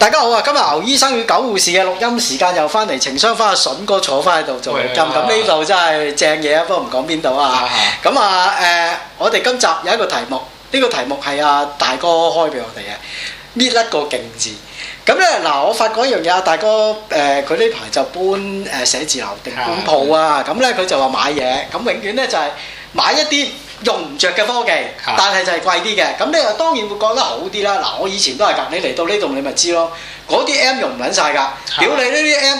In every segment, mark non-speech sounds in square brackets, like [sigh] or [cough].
大家好啊！今日牛醫生與狗護士嘅錄音時間又翻嚟，情商翻阿、啊、筍哥坐翻喺度做錄音。咁呢度真係正嘢，啊。不過唔講邊度啊！咁啊誒，我哋今集有一個題目，呢、呢個題目係啊，大哥開俾我哋嘅，搣甩個勁字。咁咧嗱，我發覺一樣嘢，啊，大哥誒佢呢排就搬誒寫字樓定搬鋪的啊。咁咧佢就話買嘢，咁永遠咧就係、是、買一啲。用唔着嘅科技，但係就係貴啲嘅。咁咧當然會覺得好啲啦。嗱，我以前都係㗎。你嚟到呢度，你咪知咯。嗰啲 M 用唔撚晒㗎。屌你呢啲 M，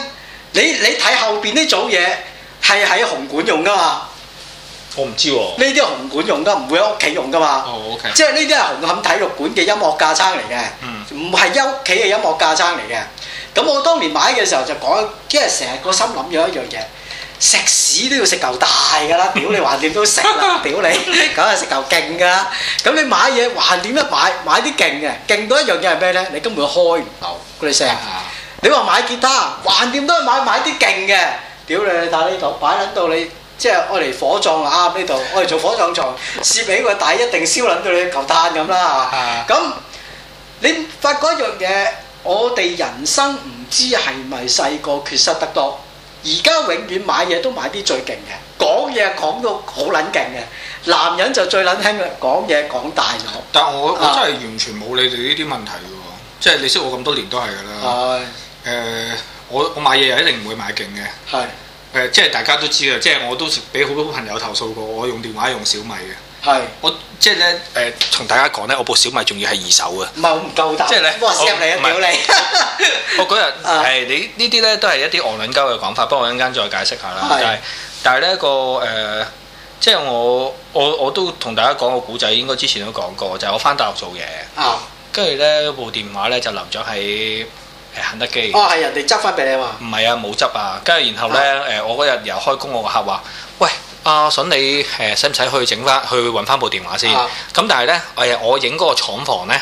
你你睇後邊呢組嘢係喺紅館用㗎嘛。我唔知喎、啊。呢啲紅館用㗎，唔會喺屋企用㗎嘛。o、oh, k okay 即係呢啲係紅磡體育館嘅音樂架撐嚟嘅，唔係屋企嘅音樂架撐嚟嘅。咁、嗯、我當年買嘅時候就講，即係成日個心諗咗一樣嘢。食屎都要食嚿大㗎啦！屌你橫掂都食啦！屌你， [laughs] 梗係食嚿勁㗎啦！咁你買嘢橫掂都買買啲勁嘅，勁到一樣嘢係咩咧？你根本會開唔到。你啲聲。你話買吉他橫掂都係買買啲勁嘅。屌你！但呢度擺撚到你，即係愛嚟火葬啊！呢度愛嚟做火葬場，攝起佢，大一定燒撚到你嚿炭咁啦嚇。咁 [laughs] 你發覺一樣嘢，我哋人生唔知係咪細個缺失得多？而家永遠買嘢都買啲最勁嘅，講嘢講到好撚勁嘅。男人就最撚聽嘅，講嘢講大咗，但係我、啊、我真係完全冇你哋呢啲問題嘅喎，即係你識我咁多年都係㗎啦。係誒的、呃，我我買嘢係一定唔會買勁嘅。係誒的、呃，即係大家都知嘅，即係我都俾好多朋友投訴過，我用電話用小米嘅。係，我即係咧，誒，同大家講咧，我部小米仲要係二手嘅，唔係我唔夠膽，即係咧 w h 你啊屌你！我嗰日係你呢啲咧，都係一啲戇卵鳩嘅講法，不過我一陣間再解釋下啦。但係但係呢個誒，即係我我我都同大家講個古仔，應該之前都講過，就係我翻大學做嘢，跟住咧部電話咧就留咗喺誒肯德基。哦，係人哋執翻俾你啊嘛？唔係啊，冇執啊。跟住然後咧，誒我嗰日又開工我個客話，喂。阿筍，你誒使唔使去整翻去揾翻部電話先？咁但係咧，誒我影嗰個廠房咧，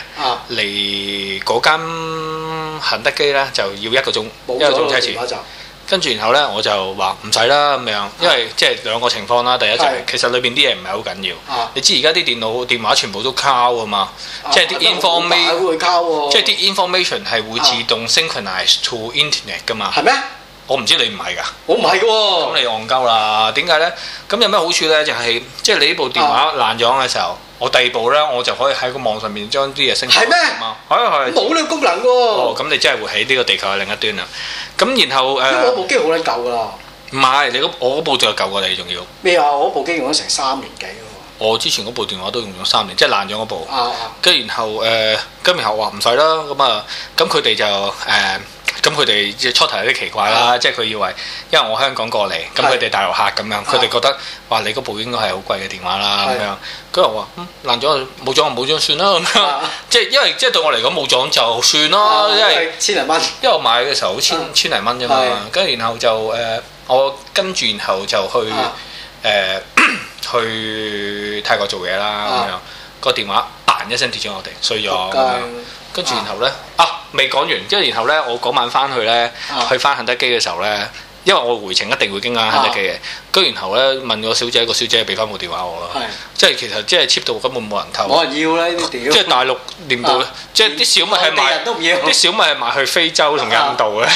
嚟嗰間肯德基咧就要一個鐘，一個鐘車程。跟住然後咧，我就話唔使啦咁樣，因為即係兩個情況啦。第一就係其實裏邊啲嘢唔係好緊要。你知而家啲電腦電話全部都溝啊嘛，即係啲 information 即係啲 information 係會自動 synchronize to internet 噶嘛。係咩？我唔知你唔係噶，我唔係嘅喎。咁你戇鳩啦？點解咧？咁有咩好處咧？就係即係你呢部電話爛咗嘅時候，我第二部咧，我就可以喺個網上面將啲嘢升級。係咩？係係冇呢個功能喎、哦。哦，咁你真係會喺呢個地球嘅另一端啊！咁然後誒，因為我部機好撚舊㗎。唔係你我部仲有舊過你仲要？咩話我部機用咗成三年幾喎？我之前嗰部電話都用咗三年，即係爛咗嗰部。跟住、啊啊啊、然後誒，跟、呃、住然後話唔使啦，咁啊，咁佢哋就誒。呃嗯嗯嗯嗯嗯嗯咁佢哋初頭有啲奇怪啦，即係佢以為，因為我香港過嚟，咁佢哋大陸客咁樣，佢哋覺得，哇，你嗰部應該係好貴嘅電話啦，咁樣，佢又話，嗯，爛咗，冇咗冇咗算啦，咁樣，即係因為即係對我嚟講冇咗就算啦，因為千零蚊，因為我買嘅時候好千千零蚊啫嘛，跟住然後就誒，我跟住然後就去誒去泰國做嘢啦，咁樣，個電話彈一聲跌咗我哋，衰咗，跟住然後呢？啊未講完，即係然後呢？我嗰晚翻去呢，啊、去翻肯德基嘅時候呢，因為我回程一定會經過肯德基嘅，跟住、啊、然後呢，問個小姐，個小姐俾翻部電話我咯，即係是其實即係 cheap 到根本冇人偷，冇人要呢啲屌，即係大陸連部，即係啲小米係賣，啲小米係賣去非洲同吧印度嘅，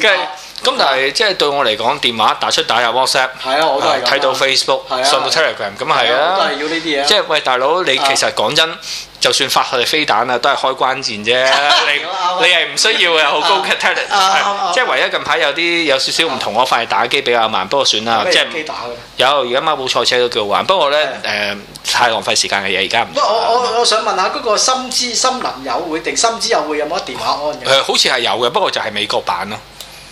跟住。咁但係即係對我嚟講，電話打出、打入 WhatsApp，係啊，我都係睇到 Facebook，上到 Telegram，咁係啊，都係要呢啲嘢。即係喂，大佬你其實講真，就算發去飛彈啊，都係開關鍵啫。你你係唔需要有好高嘅 talent，即係唯一近排有啲有少少唔同。我發現打機比較慢，不過算啦，即係機打有而家孖寶賽車都叫玩，不過咧誒太浪費時間嘅嘢而家唔。不過我我我想問下嗰個深資森林友會定心知友會有冇得電話安？好似係有嘅，不過就係美國版咯。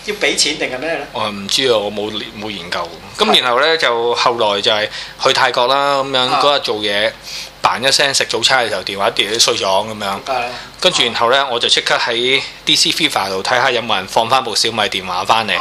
要俾錢定係咩呢？我唔知啊，我冇冇研究。咁的然後呢，就後來就係去泰國啦，咁樣嗰日做嘢，彈一聲食早餐嘅時候電話跌咗碎咗咁樣。跟住的然後呢，我就即刻喺 DC Fever 度睇下有冇人放翻部小米電話翻嚟。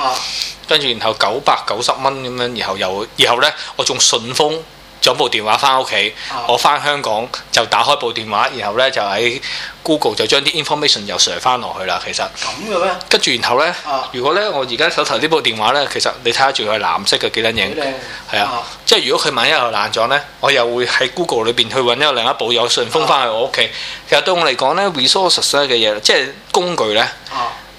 跟住的然後九百九十蚊咁樣，然後又然後呢，我仲順豐。攞部電話翻屋企，我翻香港就打開部電話，然後呢就喺 Google 就將啲 information 又 share 翻落去啦。其實咁嘅咩？跟住然後呢，如果呢我而家手頭呢部電話呢，其實你睇下仲係藍色嘅幾撚型？幾靚？係啊，即係如果佢萬一又爛咗呢，我又會喺 Google 裏邊去揾一個另一部有順豐翻去我屋企。其實對我嚟講呢 resource 嘅嘢即係工具呢，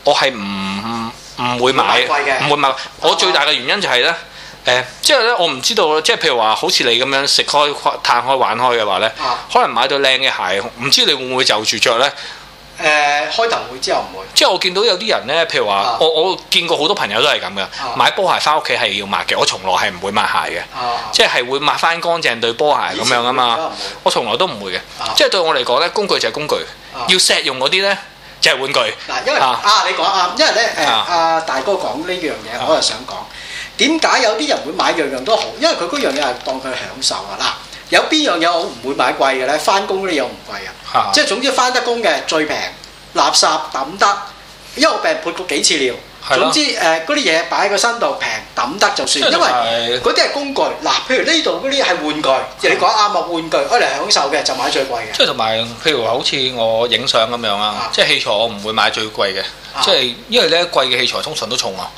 我係唔唔會買，唔會買。我最大嘅原因就係呢。誒，即係咧，我唔知道，即係譬如話，好似你咁樣食開、開嘆開、玩開嘅話咧，可能買對靚嘅鞋，唔知你會唔會就住着咧？誒，開頭會，之後唔會。即係我見到有啲人咧，譬如話，我我見過好多朋友都係咁嘅，買波鞋翻屋企係要抹嘅，我從來係唔會抹鞋嘅，即係會抹翻乾淨對波鞋咁樣啊嘛，我從來都唔會嘅，即係對我嚟講咧，工具就係工具，要錫用嗰啲咧就係玩具。嗱，因為啊，你講啊，因為咧誒，阿大哥講呢樣嘢，我就想講。點解有啲人會買樣樣都好？因為佢嗰樣嘢係當佢享受啊！嗱，有邊樣嘢我唔會買貴嘅咧？翻工嗰啲又唔貴啊，即係總之翻得工嘅最平，垃圾抌得，因為我病潑過幾次尿，總之誒嗰啲嘢擺喺個身度平抌得就算。因為嗰啲係工具嗱，譬如呢度嗰啲係玩具，你講啱嘛，玩具，我嚟享受嘅就買最貴嘅。即係同埋譬如話，好似我影相咁樣啊，即係器材我唔會買最貴嘅，即係因為咧貴嘅器材通常都重啊。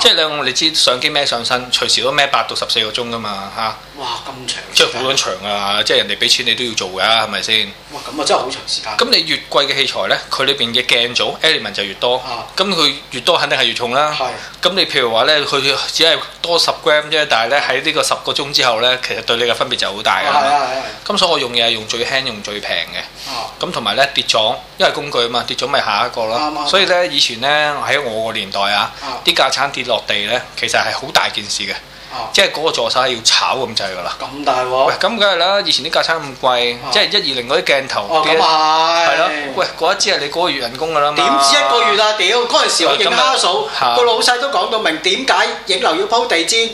即係你知相機咩上身，隨時都咩八到十四個鐘㗎嘛嚇！哇咁長！即係好撚長啊！即係人哋俾錢你都要做㗎，係咪先？咁啊真係好長時間。咁你越貴嘅器材呢，佢裏邊嘅鏡組 element 就越多。咁佢越多肯定係越重啦。咁你譬如話呢，佢只係多十 gram 啫，但係呢，喺呢個十個鐘之後呢，其實對你嘅分別就好大㗎嘛。咁所以我用嘢係用最輕、用最平嘅。咁同埋呢，跌撞，因為工具啊嘛，跌撞咪下一個咯。所以呢，以前呢，喺我個年代啊，啲架撐跌。落地咧，其實係好大件事嘅，啊、即係嗰個助手要炒咁滯噶啦。咁大鑊？喂，咁梗係啦，以前啲價差咁貴，啊、即係一二零嗰啲鏡頭，咁係，係咯。喂，嗰一支係你嗰個月人工㗎啦嘛？點止一個月啊屌！嗰陣時我認家嫂，個天老細都講到明點解影樓要鋪地氈。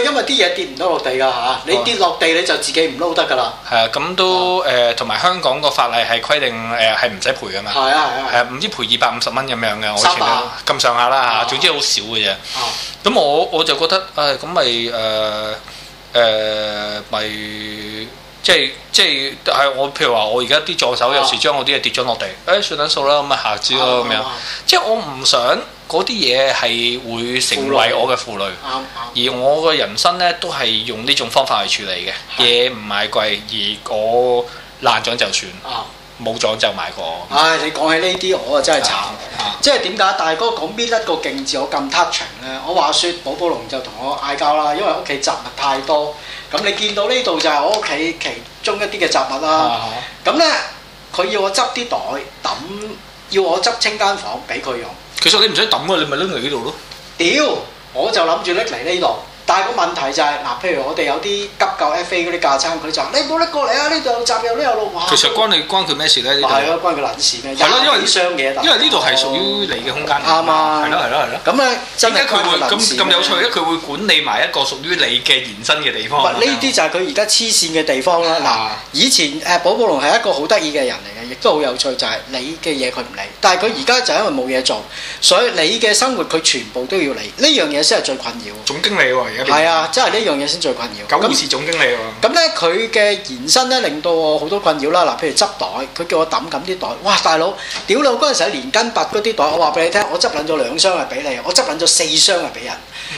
因為啲嘢跌唔到落地㗎嚇，你跌落地你就自己唔撈得㗎啦。係啊，咁都誒，同埋香港個法例係規定誒係唔使賠㗎嘛。係啊係啊。係啊，唔知賠二百五十蚊咁樣嘅，我以前咁上下啦嚇。總之好少嘅啫。哦。咁我我就覺得，誒咁咪誒誒咪即係即係，係我譬如話，我而家啲助手有時將我啲嘢跌咗落地，誒算撚數啦，咁啊下次咯咁樣。即係我唔想。嗰啲嘢係會成為我嘅負累，女而我嘅人生呢都係用呢種方法去處理嘅，嘢唔、啊、買貴，如果爛咗就算，冇咗、啊、就買過。唉、哎，你講起呢啲，我啊真係慘，啊啊、即係點解大哥講邊一個勁字我咁 touch 長咧？我話説寶寶龍就同我嗌交啦，因為屋企雜物太多。咁你見到呢度就係我屋企其中一啲嘅雜物啦。咁、啊啊、呢，佢要我執啲袋揼，要我執清間房俾佢用。其實你唔使抌啊，你咪拎嚟呢度咯。屌，我就諗住拎嚟呢度，但係個問題就係嗱，譬如我哋有啲急救 FA 嗰啲架撐，佢就話：「你冇拎過嚟啊呢度，集入呢有路。」其實關你關佢咩事咧？係咯，關佢撚事咩？係咯，因為啲箱嘅。因為呢度係屬於你嘅空間。啱啊！係咯係咯係咯。咁咧點解佢會咁咁有趣咧？佢會管理埋一個屬於你嘅延伸嘅地方。呢啲就係佢而家黐線嘅地方啦。嗱，以前誒寶寶龍係一個好得意嘅人嚟嘅。亦都好有趣，就係、是、你嘅嘢佢唔理，但係佢而家就因為冇嘢做，所以你嘅生活佢全部都要理，呢樣嘢先係最困擾。總經理喎、哦，而家係啊，即係呢樣嘢先最困擾。九五是總經理喎、哦。咁呢，佢嘅延伸呢令到我好多困擾啦。嗱，譬如執袋，佢叫我揼緊啲袋，哇，大佬，屌你！嗰陣時連根拔嗰啲袋，我話俾你聽，我執撚咗兩箱係俾你，我執撚咗四箱係俾人，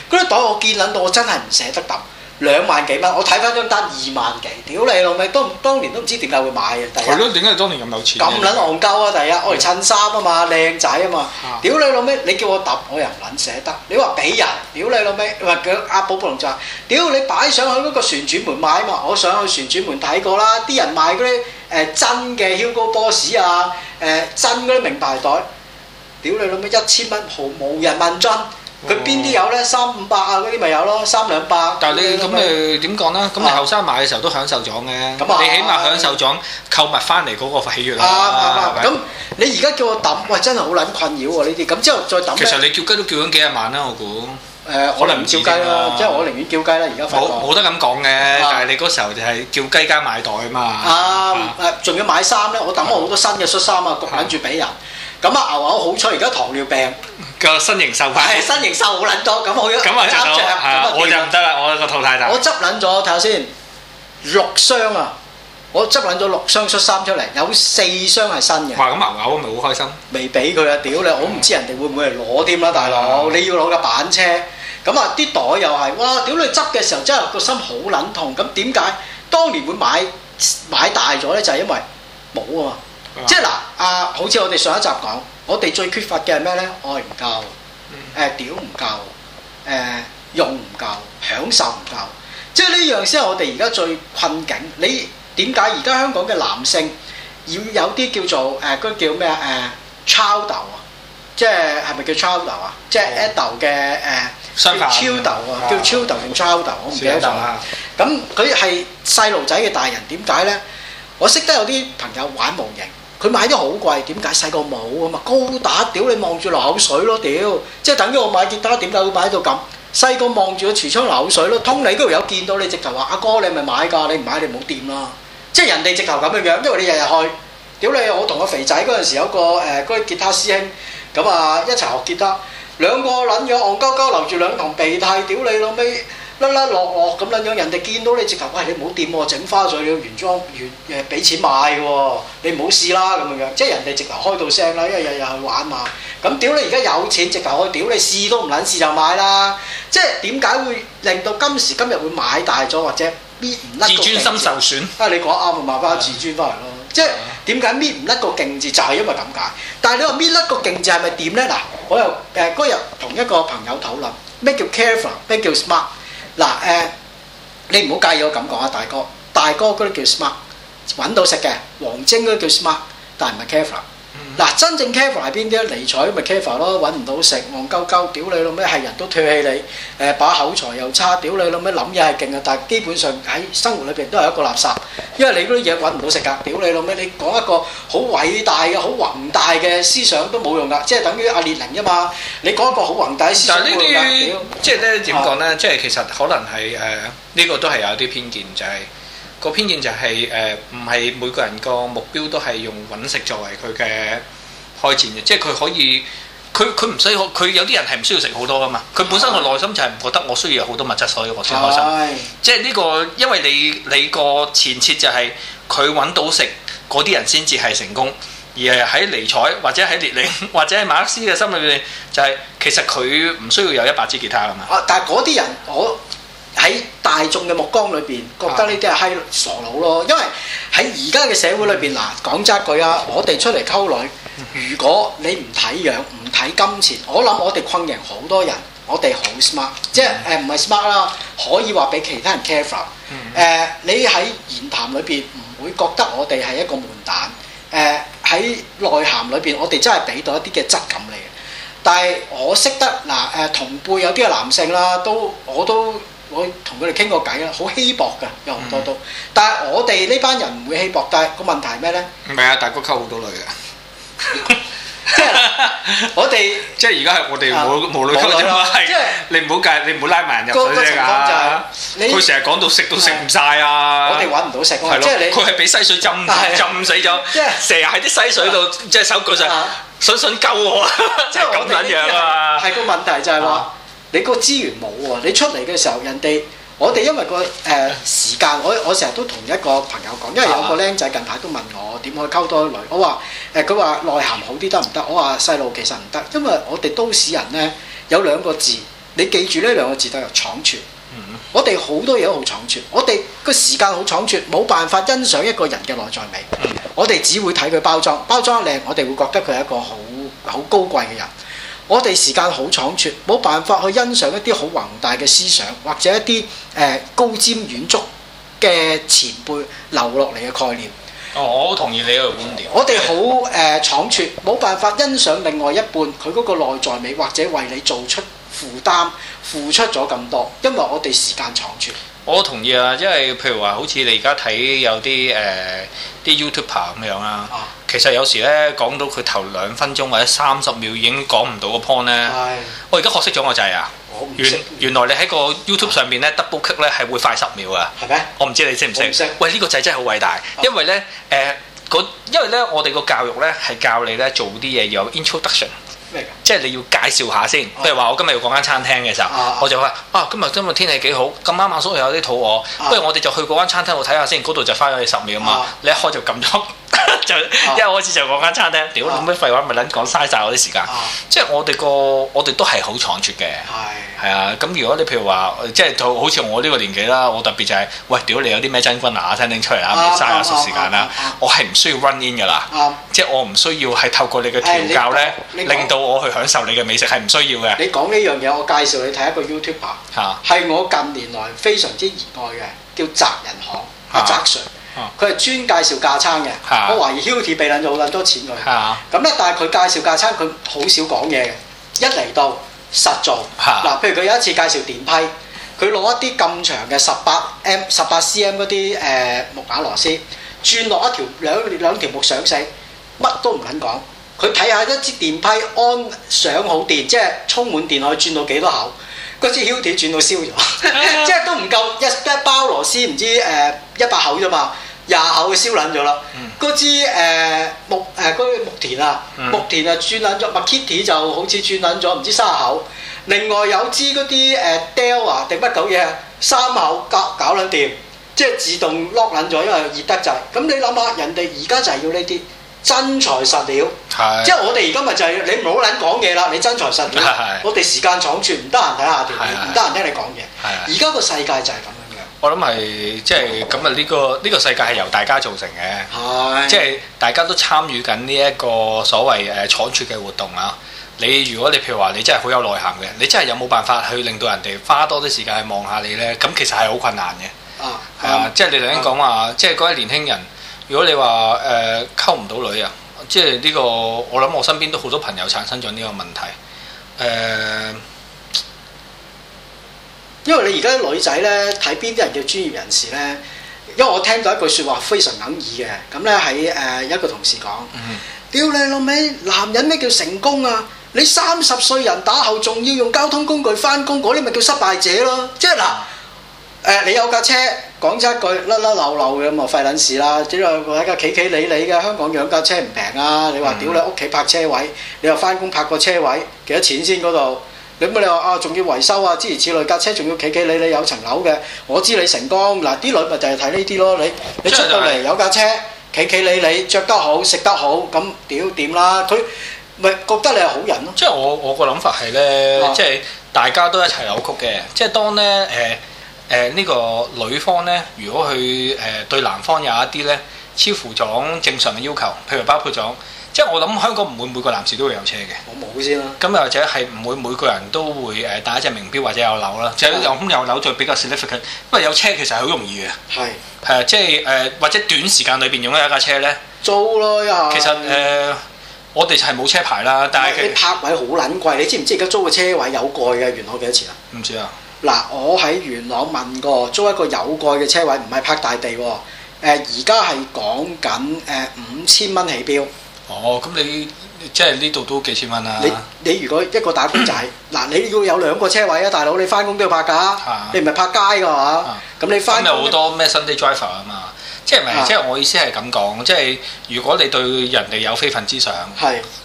嗰啲、嗯、袋我見撚到，我真係唔捨得揼。兩萬幾蚊，我睇翻張單二萬幾，屌你老味！當當年都唔知點解會買嘅。係咯，點解當年咁有錢？咁撚戇鳩啊！第日，我嚟襯衫啊嘛，靚仔啊嘛。屌、嗯、你老味！你叫我揼，我又唔撚捨得。你話俾人，屌你老味！你話叫阿寶寶龍就話，屌你擺上去嗰個旋轉門買啊嘛！我上去旋轉門睇過啦，啲人賣嗰啲誒真嘅 Hugo Boss 啊，誒、呃、真嗰啲名牌袋。屌你老味！一千蚊毫無人問津。佢邊啲有咧？三五百啊，嗰啲咪有咯，三兩百。但係你咁誒點講咧？咁你後生買嘅時候都享受咗嘅，你起碼享受咗購物翻嚟嗰個喜悅啦。咁你而家叫我抌，喂，真係好撚困擾喎呢啲。咁之後再抌。其實你叫雞都叫緊幾廿萬啦，我估。誒，可能唔叫雞啦，即係我寧願叫雞啦。而家冇得咁講嘅，但係你嗰時候就係叫雞加買袋啊嘛。啊仲要買衫咧！我抌我好多新嘅恤衫啊，焗緊住俾人。咁啊！牛牛好彩，而家糖尿病個身型瘦排，係身型瘦好撚多。咁我而家我就唔得啦！我個肚太大。我執撚咗睇下先，六箱啊！我執撚咗六箱恤衫出嚟，有四箱係新嘅。哇！咁牛牛咪好開心。未俾佢啊！屌你，我唔知人哋會唔會嚟攞添啦，大佬！你要攞架板車。咁啊，啲袋又係哇！屌你執嘅時候真係個心好撚痛。咁點解當年會買買大咗咧？就係因為冇啊嘛。即係嗱，啊，好、啊、似我哋上一集講，我哋最缺乏嘅係咩咧？愛唔夠，誒屌唔夠，誒、啊、用唔夠，享受唔夠。即係呢樣先係我哋而家最困境。你點解而家香港嘅男性要有啲叫做誒嗰個叫咩 c 啊？誒，Chil、啊、do 啊,啊,啊，即係係咪叫 c h i Childo 啊？即係 Adult 嘅誒叫 Childo 啊，叫 Childo 定 Childo，啊啊 er、我唔記得咗。咁佢係細路仔嘅大人，點解咧？我識得有啲朋友玩模型。啊啊啊啊佢買得好貴，點解細個冇啊嘛？高達屌你望住流口水咯，屌！即係等於我買吉他，點解會買到咁細個望住個櫥窗流口水咯？通你嗰條友見到你直頭話：阿哥你咪買㗎，你唔買你唔好掂啦！即係人哋直頭咁樣樣，因為你日日去，屌你！我同個肥仔嗰陣時有個誒嗰個吉他師兄，咁啊一齊學吉他，兩個撚樣戇鳩鳩，留住兩堂鼻涕，屌你老尾！甩甩落落咁樣樣，人哋見到你直頭，喂，你唔好掂喎，整花水，你原裝原誒俾錢買嘅喎，你唔好試啦咁樣樣，即係人哋直頭開到聲啦，因為日日去玩嘛。咁屌你而家有錢直，直頭可以屌你試都唔撚試就買啦。即係點解會令到今時今日會買大咗或者搣唔甩？自尊心受損。啊，你講啱，咪買翻個自尊翻嚟咯。即係點解搣唔甩個勁字，就係因為咁解。但係你話搣甩個勁字係咪點咧？嗱，我又誒嗰日同一個朋友討論咩叫 careful，咩叫 smart。嗱誒，你唔好介意我咁講啊，大哥，大哥嗰啲叫 smart，揾到食嘅，王晶嗰啲叫 smart，但係唔係 careful。嗱，真正 care 係邊啲咧？尼采咪 care 咯，揾唔到食，憨鳩鳩，屌你老味，係人都唾棄你。誒，把口才又差，屌你老味，諗嘢係勁嘅，但係基本上喺生活裏邊都係一個垃圾，因為你嗰啲嘢揾唔到食㗎，屌你老味，你講一個好偉大嘅、好宏大嘅思想都冇用㗎，即係等於阿列寧㗎嘛。你講一個好宏大嘅思想，嘅但係呢啲、啊、即係咧點講咧？即係其實可能係誒，呢、呃呢個都係有啲偏見就係、是。個偏見就係、是、誒，唔、呃、係每個人個目標都係用揾食作為佢嘅開展嘅。即係佢可以，佢佢唔需要，佢有啲人係唔需要食好多噶嘛，佢本身個內心就係唔覺得我需要有好多物質，所以我先開心。哎、即係呢、這個，因為你你個前設就係佢揾到食，嗰啲人先至係成功，而係喺尼采或者喺列寧或者喺馬克思嘅心裏面，就係、是、其實佢唔需要有一百支吉他噶嘛。哎、但係嗰啲人我。喺大眾嘅目光裏邊，覺得呢啲係係傻佬咯。因為喺而家嘅社會裏邊，嗱講真句啊，我哋出嚟溝女，如果你唔睇樣唔睇金錢，我諗我哋困贏好多人。我哋好 smart，即係唔係 smart 啦，可以話俾其他人 careful、呃。你喺言談裏邊唔會覺得我哋係一個悶蛋。誒、呃、喺內涵裏邊，我哋真係俾到一啲嘅質感你。但係我識得嗱誒，同輩有啲嘅男性啦，都我都。我同佢哋傾過偈啊，好稀薄㗎，有好多都。但係我哋呢班人唔會稀薄，但係個問題係咩咧？唔係啊，大哥溝好多女㗎，即係我哋，即係而家係我哋冇冇女溝啫嘛，即係你唔好計，你唔好拉埋人入水啫㗎。佢成日講到食都食唔晒啊！我哋搵唔到食，係咯，佢係俾溪水浸浸死咗，即係成日喺啲溪水度，即係手腳上，想想救我啊！即係咁緊要啊！係個問題就係話。你個資源冇喎，你出嚟嘅時候，人哋我哋因為、嗰個誒、呃、時間，我我成日都同一個朋友講，因為有個僆仔近排都問我點去溝多一女，我話誒佢話內涵好啲得唔得？我話細路其實唔得，因為我哋都市人呢，有兩個字，你記住呢兩個字都係倉促。嗯嗯，我哋好多嘢都好倉促，我哋個時間好倉促，冇辦法欣賞一個人嘅內在美。嗯、我哋只會睇佢包裝，包裝靚，我哋會覺得佢係一個好好高貴嘅人。我哋時間好倉促，冇辦法去欣賞一啲好宏大嘅思想，或者一啲誒、呃、高瞻遠矚嘅前輩留落嚟嘅概念。哦，我好同意你嘅觀點。我哋好誒倉促，冇、呃、辦法欣賞另外一半佢嗰個內在美，或者為你做出負擔、付出咗咁多，因為我哋時間倉促。我都同意啊，因為譬如話，好似你而家睇有啲誒啲、呃、YouTuber 咁樣啊，其實有時咧講到佢頭兩分鐘或者三十秒已經講唔到個 point 咧、哎，哦、我而家學識咗個掣啊！原原來你喺個 YouTube 上面咧、啊、double click 咧係會快十秒啊，係咪？我唔知你識唔識？喂，呢、這個掣真係好偉大，因為咧誒、呃、因為咧我哋個教育咧係教你咧做啲嘢要有 introduction。即係你要介紹下先，譬如話我今日要講間餐廳嘅時候，啊、我就話啊今日今日天氣幾好，咁啱阿叔又有啲肚餓，不如我哋就去嗰間餐廳度睇下先，嗰度就翻咗你十秒嘛，啊、你一開就撳咗。就因為我一開始就講間餐廳，屌講咩廢話，咪撚講嘥晒我啲時間。即係我哋個，我哋都係好倉促嘅。係係啊，咁如果你譬如話，即係就好似我呢個年紀啦，我特別就係，喂，屌你有啲咩真君啊，聽聽出嚟啊，嘥下啲時間啦。我係唔需要 run in 噶啦，即係我唔需要係透過你嘅調教咧，令到我去享受你嘅美食係唔需要嘅。你講呢樣嘢，我介紹你睇一個 YouTuber，係我近年來非常之熱愛嘅，叫宅人行，宅佢係專介紹架撐嘅，啊、我懷疑 Hilti 畀撚咗好撚多錢佢。咁咧、啊，但係佢介紹架撐，佢好少講嘢嘅。一嚟到實做，嗱、啊，譬如佢有一次介紹電批，佢攞一啲咁長嘅十八 M 18、十八 CM 嗰啲誒木架螺絲，轉落一條兩兩條木上死，乜都唔肯講。佢睇下一支電批安上好電，即係充滿電可以轉到幾多口？嗰支 Hilti 轉到燒咗，啊、 [laughs] 即係都唔夠一一包螺絲唔知誒一百口啫嘛。廿口嘅燒撚咗啦，嗰支誒木誒嗰木田啊，木田啊轉撚咗，麥 Kitty 就好似轉撚咗，唔知卅口。另外有支嗰啲 Dell 啊定乜狗嘢，三口搞搞撚掂，即係自動 lock 撚咗，因為熱得滯。咁你諗下，人哋而家就係要呢啲真材實料，即係我哋而家咪就係，你唔好撚講嘢啦，你真材實料。我哋時間倉促，唔得閒睇下條片，唔得閒聽你講嘢。而家個世界就係咁。我諗係即係咁啊！呢個呢個世界係由大家造成嘅，即係的大家都參與緊呢一個所謂誒搶奪嘅活動啊！你如果你譬如話你真係好有內涵嘅，你真係有冇辦法去令到人哋花多啲時間去望下你呢？咁其實係好困難嘅啊！係啊！即係你頭先講話，的即係嗰啲年輕人，如果你話誒溝唔到女啊，即係呢個我諗我身邊都好多朋友產生咗呢個問題誒。呃呃因為你而家啲女仔呢，睇邊啲人叫專業人士呢？因為我聽到一句説話非常哽耳嘅。咁呢，喺、呃、誒一個同事講：屌你老味，hmm. you, mate, 男人咩叫成功啊？你三十歲人打後仲要用交通工具翻工，嗰啲咪叫失敗者咯。即係嗱，你有架車講咗一句甩甩漏漏」嘅咁啊，費撚事啦。只不過喺架企企理理嘅香港養架車唔平啊。你話屌你屋企泊車位，你又翻工泊個車位幾多錢先嗰度？咁你話啊，仲要維修啊，諸如此類，架車仲要企企理理有層樓嘅，我知你成功嗱，啲女咪就係睇呢啲咯，你你出到嚟有架車，企企理理，着得好，食得好，咁屌點啦？佢咪覺得你係好人咯、啊。即係我我個諗法係咧，即係、啊、大家都一齊扭曲嘅，即係當咧誒誒呢、呃呃呢個女方咧，如果去誒、呃、對男方有一啲咧，超乎咗正常嘅要求，譬如包括咗。即係我諗香港唔會每個男士都會有車嘅，我冇先啦。咁又或者係唔會每個人都會誒帶一隻名錶或者有樓啦，就又咁有樓就比較 significant。因為有車其實係好容易嘅，係誒是、呃，即係誒、呃，或者短時間裏邊用一架車咧，租咯一下。其實誒、呃，我哋係冇車牌啦，但係佢泊位好撚貴，你知唔知而家租個車位有蓋嘅元朗幾多錢啊？唔知啊？嗱，我喺元朗問過租一個有蓋嘅車位，唔係泊大地喎。誒，而家係講緊誒五千蚊起標。哦，咁你即係呢度都幾千蚊啊？你你如果一個打工仔，嗱，你要有兩個車位啊，大佬，你翻工都要拍架，你唔係拍街嘅嘛？咁你翻有好多咩 Sunday driver 啊嘛？即係咪？即係我意思係咁講，即係如果你對人哋有非分之想，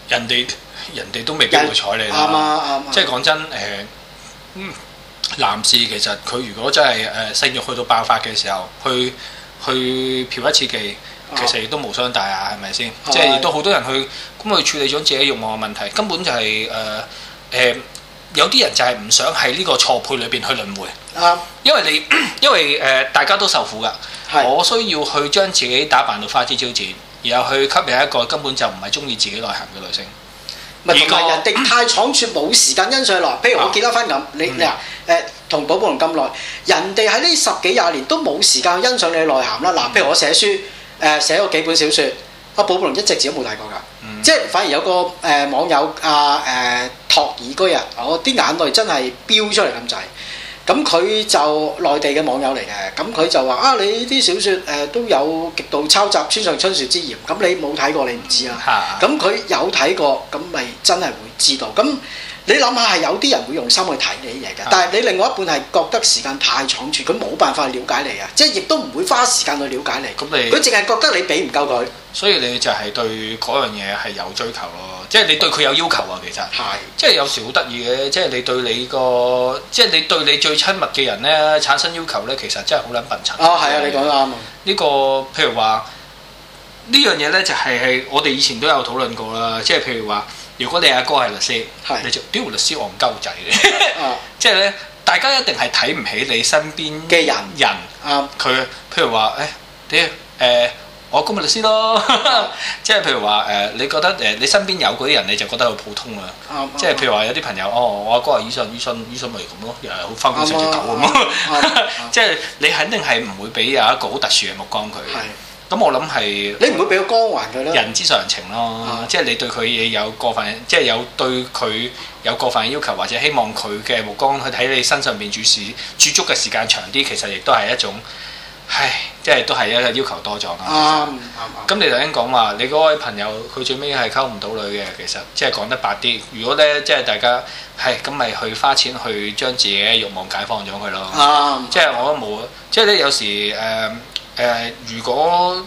人哋人哋都未必會睬你啦。啱啊啱啊！即係講真誒，男士其實佢如果真係誒性欲去到爆發嘅時候，去去嫖一次妓。其實亦都無傷大雅，係咪先？即係亦都好多人去咁去處理咗自己慾望嘅問題，根本就係誒誒有啲人就係唔想喺呢個錯配裏邊去輪迴。啱、啊，因為你因為誒大家都受苦㗎，我需要去將自己打扮到花枝招展，然後去吸引一個根本就唔係中意自己內涵嘅女性。唔係人哋太倉促、嗯，冇時間欣賞來。譬如我記得返咁，你你啊同寶寶龍咁耐，人哋喺呢十幾廿年都冇時間欣賞你嘅內涵啦。嗱，譬如我寫書、嗯。誒寫過幾本小説，阿寶寶龍一隻字都冇睇過㗎，即係、嗯、反而有個誒、呃、網友阿誒託爾居啊，我啲眼淚真係飆出嚟咁滯，咁佢就內地嘅網友嚟嘅，咁佢就話啊你啲小説誒、呃、都有極度抄襲村上春樹之嫌，咁你冇睇過你唔知啦，咁佢有睇過，咁咪、啊嗯啊、真係會知道咁。你諗下係有啲人會用心去睇你嘢嘅，的但係你另外一半係覺得時間太倉促，佢冇辦法了解你啊，即係亦都唔會花時間去了解你。咁你佢淨係覺得你俾唔夠佢。所以你就係對嗰樣嘢係有追求咯，即係你對佢有要求啊，其實。係的。即係有時好得意嘅，即係你對你個，即係你對你最親密嘅人咧產生要求咧，其實真係好撚笨殘。啊、哦，係啊，你講得啱啊。呢、呢個譬如話，呢樣嘢咧就係係我哋以前都有討論過啦，即係譬如話。如果你阿哥係律師，你就屌律師我唔鳩仔嘅，即係咧，大家一定係睇唔起你身邊嘅人人。佢譬如話，誒，屌，誒，我公務律師咯，即係譬如話，誒，你覺得誒，你身邊有嗰啲人，你就覺得好普通啦。即係譬如話，有啲朋友，哦，我阿哥係醫生，醫生，醫生咪咁咯，又係好翻工成隻狗咁咯。即係你肯定係唔會俾有一個好特殊嘅目光佢。咁我諗係你唔會俾佢光環嘅咧，人之常情咯。嗯、即係你對佢嘢有過分，嗯、即係有對佢有過分嘅要求，或者希望佢嘅目光去睇你身上邊注視、駐足嘅時間長啲，其實亦都係一種，唉，即係都係一個要求多咗啦。咁、嗯、你頭先講話，你嗰位朋友佢最尾係溝唔到女嘅，其實即係講得白啲。如果咧，即係大家係咁，咪去花錢去將自己嘅欲望解放咗佢咯。嗯嗯、即係我都冇，即係咧有時誒。呃誒、呃，如果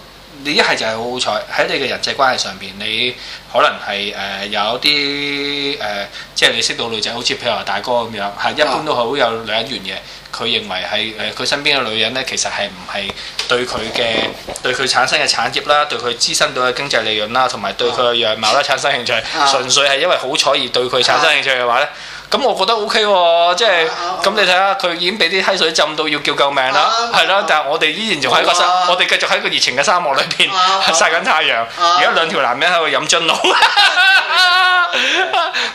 你一係就係好好彩，喺你嘅人際關係上邊，你可能係誒、呃、有啲誒、呃，即係你識到女仔，好似譬如話大哥咁樣，係一般都好有兩、呃、女人緣嘅。佢認為係誒，佢身邊嘅女人咧，其實係唔係對佢嘅對佢產生嘅產業啦，對佢滋生到嘅經濟利潤啦，同埋對佢嘅樣貌啦產生興趣，純粹係因為好彩而對佢產生興趣嘅話咧。咁、嗯、我覺得 O K 喎，即係咁你睇下佢已經俾啲溪水浸到要叫救命啦，係啦、啊，啊啊、但係我哋依然仲喺、個沙，啊、我哋繼續喺個熱情嘅沙漠裏邊曬緊太陽，而家兩條男人喺度飲樽露，咁、啊、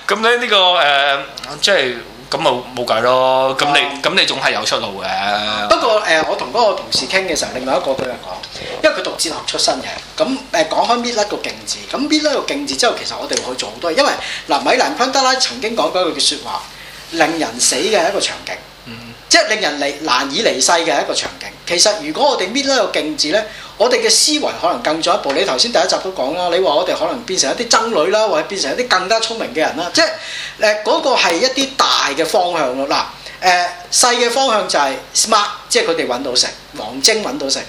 咧、啊、 [laughs] 呢、呢個誒、uh, 即係。咁冇冇計咯？咁你咁的你總係有出路嘅。不過誒，我同嗰個同事傾嘅時候，另外一個佢又講，因為佢讀哲學出身嘅。咁誒講開，搣甩個勁字，咁搣甩個勁字之後，其實我哋可以做好多嘢。因為嗱，米蘭昆德拉曾經講過一句説話，令人死嘅一個場景。即係令人離難以離世嘅一個場景。其實如果我哋搣甩個勁字咧，我哋嘅思維可能更進一步。你頭先第一集都講啦，你話我哋可能變成一啲僧侶啦，或者變成一啲更加聰明嘅人啦。即係誒嗰個係一啲大嘅方向咯。嗱誒細嘅方向就係 smart，即係佢哋揾到食，王晶揾到食。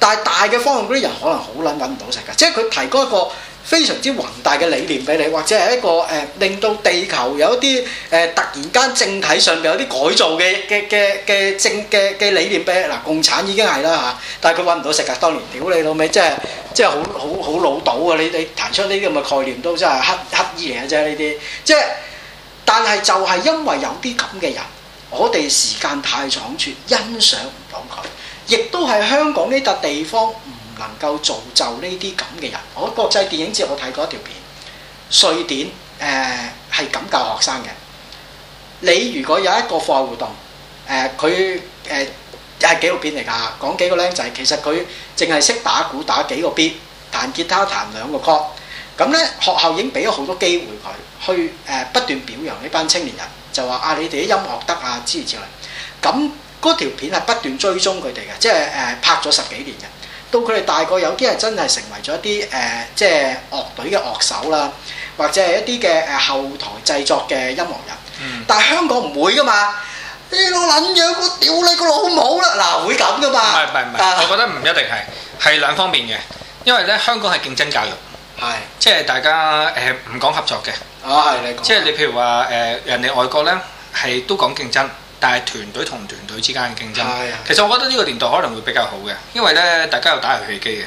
但係大嘅方向嗰啲人可能好撚揾唔到食㗎，即係佢提高一個。非常之宏大嘅理念俾你，或者係一個誒、呃、令到地球有一啲誒、呃、突然間政體上邊有啲改造嘅嘅嘅嘅政嘅嘅理念俾你，嗱、呃，共產已經係啦嚇，但係佢揾唔到食㗎，當年，屌你老味，即係即係好好好老到啊！你你彈出呢啲咁嘅概念都真係刻意嚟嘅啫呢啲，即係，但係就係因為有啲咁嘅人，我哋時間太倉促，欣賞唔到佢，亦都係香港呢笪地方。能夠造就呢啲咁嘅人，我國際電影節我睇過一條片，瑞典誒係咁教學生嘅。你如果有一個課外活動，誒佢誒係紀錄片嚟㗎，講幾個僆仔其實佢淨係識打鼓打幾個 b，彈吉他彈兩個曲。咁咧學校已經俾咗好多機會佢去誒、呃、不斷表揚呢班青年人，就話啊你哋啲音樂得啊支持你。咁嗰條片係不斷追蹤佢哋嘅，即係誒、呃、拍咗十幾年嘅。到佢哋大個，有啲人真係成為咗一啲誒、呃，即係樂隊嘅樂手啦，或者係一啲嘅誒後台製作嘅音樂人。嗯、但係香港唔會㗎嘛？呢、嗯、個撚樣，我屌你個老母啦！嗱、啊，會咁㗎嘛？唔係唔係唔係，但我覺得唔一定係，係兩方面嘅。因為咧，香港係競爭教育，係即係大家誒唔、呃、講合作嘅。啊，係你講。即係你譬如話誒，人哋外國咧係都講競爭。但係團隊同團隊之間嘅競爭，其實我覺得呢個年代可能會比較好嘅，因為咧大家有打遊戲機嘅，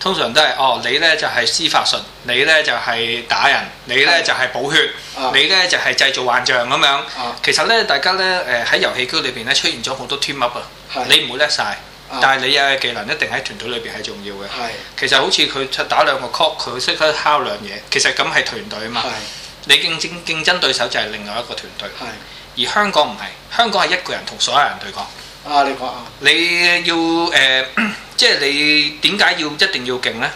通常都係哦你呢就係司法術，你呢就係打人，你呢就係補血，你呢就係製造幻象咁樣。其實呢，大家呢誒喺遊戲區裏邊咧出現咗好多 team up 啊，你唔會叻晒，但係你嘅技能一定喺團隊裏邊係重要嘅。其實好似佢打兩個 call，佢識得敲兩嘢，其實咁係團隊啊嘛。你競爭競爭對手就係另外一個團隊。而香港唔係，香港係一個人同所有人對抗。啊，你講啊！嗯、你要誒、呃，即係你點解要一定要勁呢？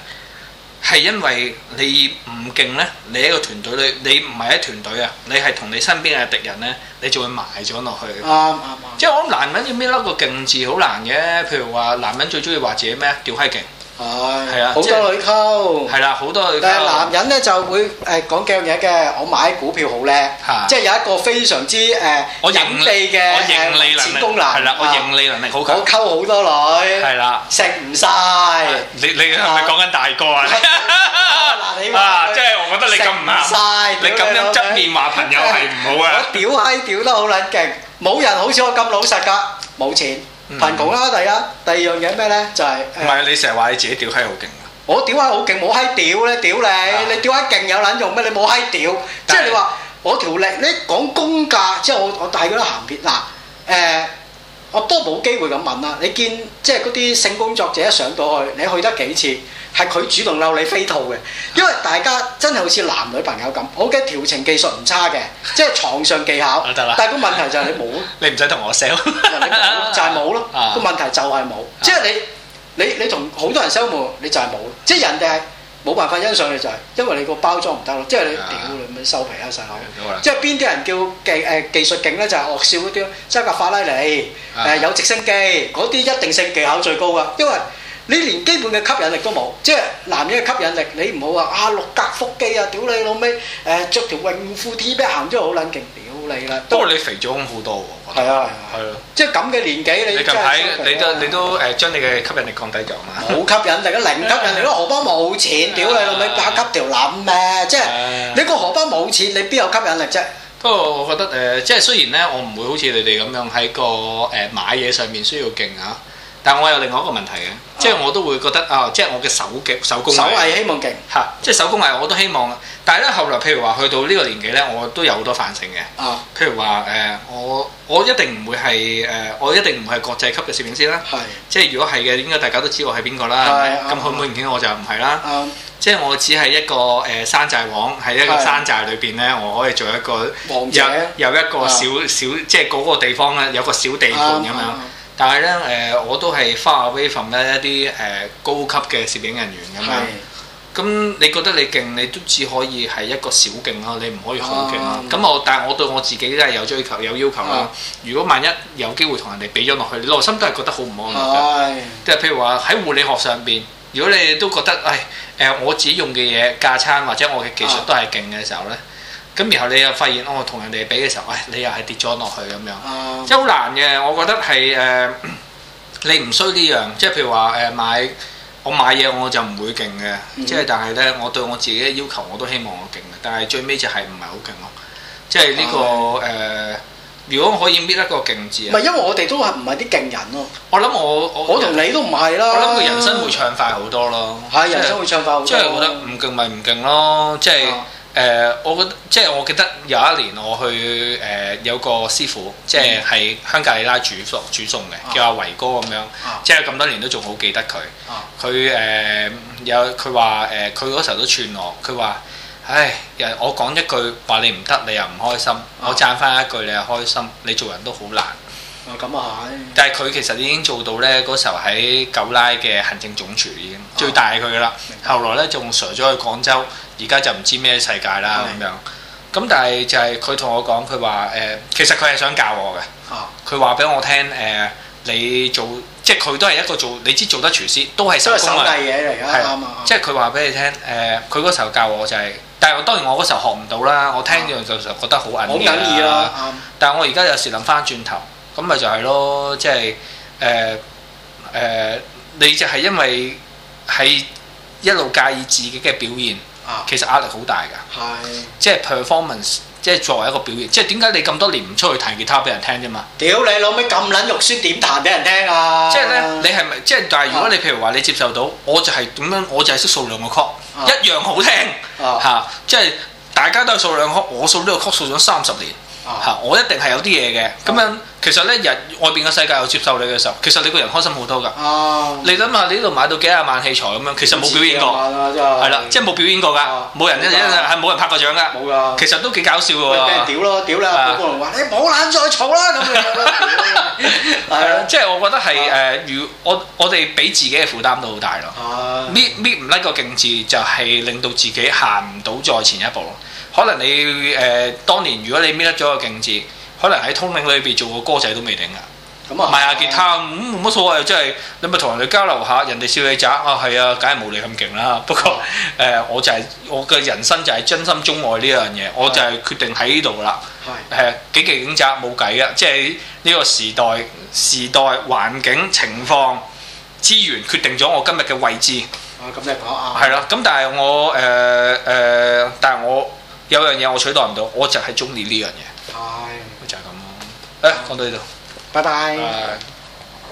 係因為你唔勁呢。你一個團隊裏，你唔係喺團隊啊，你係同你身邊嘅敵人呢，你就會埋咗落去。啱啱、嗯嗯嗯、即係我諗男人要搣甩個勁字好難嘅，譬如話男人最中意話自己咩啊，吊閪勁。係，係啊，好多女溝。係啦，好多女溝。但係男人呢就會誒講幾樣嘢嘅，我買股票好叻，即係有一個非常之誒，我盈利嘅，誒盈利能功能係啦，我盈利能力好強。我溝好多女，係啦，食唔晒。你你係咪講緊大哥啊？嗱，你話食唔晒？你咁樣側面話朋友係唔好啊？我屌閪屌得好撚勁，冇人好似我咁老實㗎，冇錢。貧窮啦，第一、嗯、第二樣嘢咩咧？就係唔係你成日話你自己屌閪好勁啊！我屌閪好勁，冇閪屌咧屌你！你屌閪勁有撚用咩？你冇閪屌！即係你話我條力你講公價，即係我我係嗰啲鹹片嗱誒，我都冇、呃、機會咁問啦。你見即係嗰啲性工作者一上到去，你去得幾次？係佢主動嬲你飛兔嘅，因為大家真係好似男女朋友咁，我嘅調情技術唔差嘅，即係床上技巧得啦。 [laughs] 但係個問題就係你冇，你唔使同我 [laughs] sell，就係冇咯。個問題就係冇， [laughs] 即係你你你同好多人 sell 你就係冇，即係人哋係冇辦法欣賞你，就係因為你個包裝唔得咯，即係你屌調嚟收皮啊細佬。弟弟 [laughs] 即係邊啲人叫技誒、呃、技術勁咧？就係惡笑嗰啲，揸架法拉利誒、呃、有直升機嗰啲，一定性技巧最高噶，因為。你連基本嘅吸引力都冇，即係男人嘅吸引力你唔好話啊！啊六格腹肌啊，屌你老味，誒、呃、着條泳褲 T 恤行咗好撚勁，屌你啦！不過你，你肥咗好多喎。係啊，係咯、啊。即係咁嘅年紀，你近你都你都誒將你嘅吸引力降低咗啊嘛。冇吸引力咯，零吸引力咯，荷包冇錢，屌你老味，加級條腩咩？即係你個荷包冇錢，你邊有吸引力啫？不過我覺得誒、呃，即係雖然咧，我唔會好似你哋咁樣喺個誒買嘢上面需要勁 [laughs] 啊。啊但我有另外一個問題嘅，即係我都會覺得啊，即係我嘅手嘅手工藝，手藝希望勁嚇，即係手工藝我都希望。但係咧後來譬如話去到呢個年紀咧，我都有好多反省嘅。譬如話誒，我我一定唔會係誒，我一定唔會係國際級嘅攝影師啦。即係如果係嘅，應該大家都知我係邊個啦。咁佢唔會認見我就唔係啦。即係我只係一個誒山寨王，喺一個山寨裏邊咧，我可以做一個王者，有一個小小即係嗰個地方咧，有個小地盤咁樣。但係咧，誒、呃、我都係 far away from 咧一啲誒、呃、高級嘅攝影人員㗎嘛。咁是的 你覺得你勁，你都只可以係一個小勁咯、啊，你唔可以好勁咯。咁、嗯、我，但係我對我自己真係有追求，有要求啦。嗯、如果萬一有機會同人哋比咗落去，你內心都係覺得好唔安樂嘅。即係、嗯、譬如話喺護理學上邊，如果你都覺得誒誒、呃、我自己用嘅嘢架撐或者我嘅技術都係勁嘅時候咧。嗯嗯咁然後你又發現，我同人哋比嘅時候，誒、哎、你又係跌咗落去咁樣，即係好難嘅。我覺得係誒、呃，你唔需呢樣，即係譬如話誒、呃、買我買嘢我就唔會勁嘅，嗯、即係但係咧，我對我自己嘅要求我都希望我勁嘅，但係最尾就係唔係好勁咯。即係呢、這個誒、嗯呃，如果可以搣甩個勁字，唔係因為我哋都係唔係啲勁人咯。我諗我我同你都唔係啦。我諗佢人生會暢快好多咯。係、啊、人生會暢快好多。即係、就是就是、我覺得唔勁咪唔勁咯，即、就、係、是。嗯誒、呃，我覺得即係我記得有一年我去誒、呃、有個師傅，即係係香格里拉煮餸煮餸嘅，叫阿維哥咁樣，啊、即係咁多年都仲好記得佢。佢誒、啊呃、有佢話誒，佢嗰、呃、時候都串我，佢話：唉，人我講一句話你唔得，你又唔開心；啊、我讚返一句你又開心，你做人都好難。咁啊！但係佢其實已經做到咧，嗰時候喺九拉嘅行政總廚已經最大佢噶啦。哦、後來咧仲傻咗去廣州，而家就唔知咩世界啦咁是樣。咁但係就係佢同我講，佢話誒，其實佢係想教我嘅。佢話俾我聽誒、呃，你做即係佢都係一個做你知做得廚師都係手手藝嘢嚟㗎嘛即係佢話俾你聽誒，佢、呃、嗰時候教我就係、是，但係我當然我嗰時候學唔到啦。我聽咗，就就覺得好緊要啊。嗯嗯、但係我而家有時諗翻轉頭。咁咪就係、係、咯，即係誒誒，你就係因為係一路介意自己嘅表現，啊、其實壓力好大㗎，即係係 performance，即係作為一個表現，即係點解你咁多年唔出去彈吉他俾人聽啫嘛？屌你老味咁撚肉酸，點彈俾人聽啊？即係咧，你係咪即係？但係如果你譬係如話你接受到，我就係點樣？我就係識數兩個曲、啊，一樣好聽嚇。即係、啊啊就係、大家都係數兩個曲，我數呢個曲數咗三十年。嚇！我一定係有啲嘢嘅。咁樣其實咧，日外邊個世界有接受你嘅時候，其實你個人開心好多㗎。哦！你諗下，你呢度買到幾廿萬器材咁樣，其實冇表演過，係啦，即係冇表演過㗎，冇人一係冇人拍過獎㗎。其實都幾搞笑喎。屌咯，屌啦！你冇眼再吵啦咁樣。係即係我覺得係誒，如我我哋俾自己嘅負擔都好大咯。搣搣唔甩個勁字，就係令到自己行唔到再前一步。可能你誒當年如果你搣甩咗個勁字，可能喺通領裏邊做個歌仔都未定啊！賣下吉他咁冇乜所謂，即係你咪同人哋交流下，人哋笑你窄啊！係啊，梗係冇你咁勁啦。不過誒，我就係我嘅人生就係真心鍾愛呢樣嘢，我就係決定喺呢度啦。係幾勁窄冇計啊！即係呢個時代、時代環境、情況、資源決定咗我今日嘅位置。哦，咁你講啊！係啦，咁但係我誒誒，但係我。有樣嘢我取代唔到，我就係中意呢唉樣嘢。係，就係咁。誒 Bye bye.，講到呢度，拜拜。